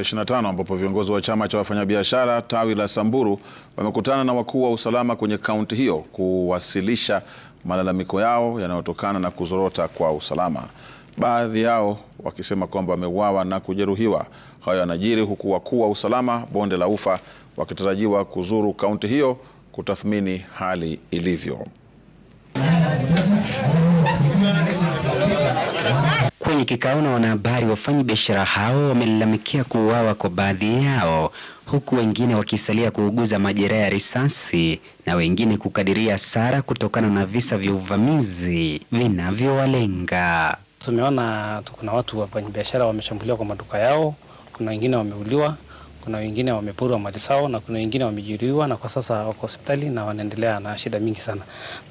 25 ambapo viongozi wa chama cha wafanyabiashara tawi la Samburu wamekutana na wakuu wa usalama kwenye kaunti hiyo kuwasilisha malalamiko yao yanayotokana na kuzorota kwa usalama, baadhi yao wakisema kwamba wameuawa na kujeruhiwa. Hayo yanajiri huku wakuu wa usalama bonde la Ufa wakitarajiwa kuzuru kaunti hiyo kutathmini hali ilivyo. kikao na wanahabari, wafanyi biashara hao wamelalamikia kuuawa kwa baadhi yao, huku wengine wakisalia kuuguza majeraha ya risasi na wengine kukadiria hasara kutokana na visa vya uvamizi vinavyowalenga. Tumeona kuna watu wafanyi biashara wameshambuliwa kwa maduka yao, kuna wengine wameuliwa, kuna wengine wameporwa mali zao na kuna wengine wamejeruhiwa, na kwa sasa wako hospitali na wanaendelea na shida mingi sana,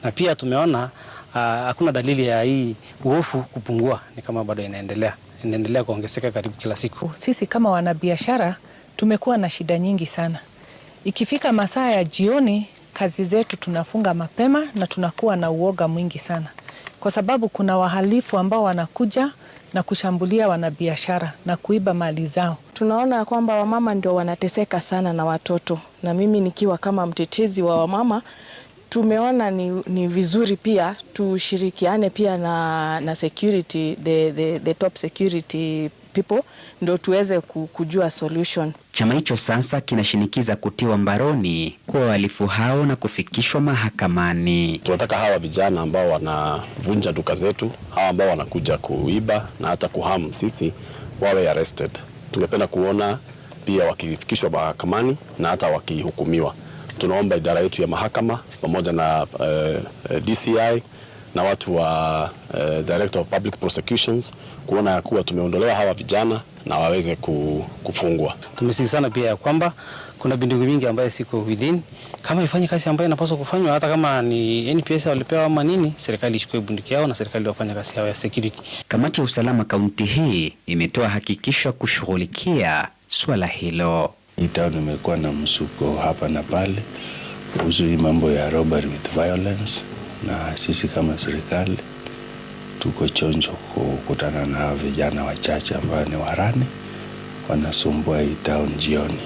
na pia tumeona Ah, hakuna dalili ya hii uofu kupungua, ni kama bado inaendelea inaendelea kuongezeka karibu kila siku. Sisi kama wanabiashara tumekuwa na shida nyingi sana. Ikifika masaa ya jioni, kazi zetu tunafunga mapema na tunakuwa na uoga mwingi sana, kwa sababu kuna wahalifu ambao wanakuja na kushambulia wanabiashara na kuiba mali zao. Tunaona kwamba wamama ndio wanateseka sana na watoto, na mimi nikiwa kama mtetezi wa wamama tumeona ni, ni vizuri pia tushirikiane pia na, na security the, the, the top security people ndio tuweze kujua solution. Chama hicho sasa kinashinikiza kutiwa mbaroni kwa wahalifu hao na kufikishwa mahakamani. Tunataka hawa vijana ambao wanavunja duka zetu, hawa ambao wanakuja kuiba na hata kuhamu sisi, wawe arrested. Tungependa kuona pia wakifikishwa mahakamani na hata wakihukumiwa tunaomba idara yetu ya mahakama pamoja na uh, eh, eh, DCI na watu wa uh, Director of Public Prosecutions kuona ya kuwa tumeondolewa hawa vijana na waweze kufungwa. sana pia ya kwamba kuna bindugu mingi ambayo siko within, kama ifanye kazi ambayo inapaswa kufanywa, hata kama ni NPS walipewa ama nini, serikali ichukue bunduki yao na serikali wafanya kazi yao ya security. Kamati ya usalama kaunti hii imetoa hakikisho kushughulikia swala hilo hii town imekuwa na msuko hapa na pale kuhusu hii mambo ya robbery with violence, na sisi kama serikali tuko chonjo kukutana na vijana wachache ambao ni warani wanasumbua hii town jioni.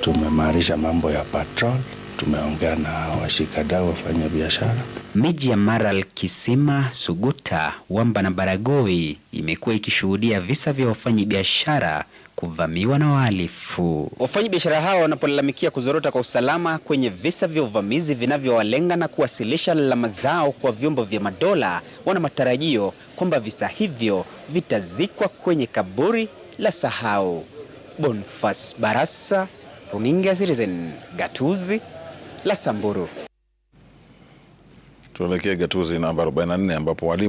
Tumemaarisha mambo ya patrol, tumeongea na washikadau wafanya biashara. Miji ya maral Kisima, Suguta, Wamba na Baragoi imekuwa ikishuhudia visa vya wafanyibiashara kuvamiwa na wahalifu. Wafanyabiashara hao wanapolalamikia kuzorota kwa usalama kwenye visa vya uvamizi vinavyowalenga na kuwasilisha lalama zao kwa vyombo vya madola, wana matarajio kwamba visa hivyo vitazikwa kwenye kaburi la sahau. Bonfas Barasa, Runinga Citizen, gatuzi la Samburu. Tuelekee gatuzi namba 44 ambapo walimu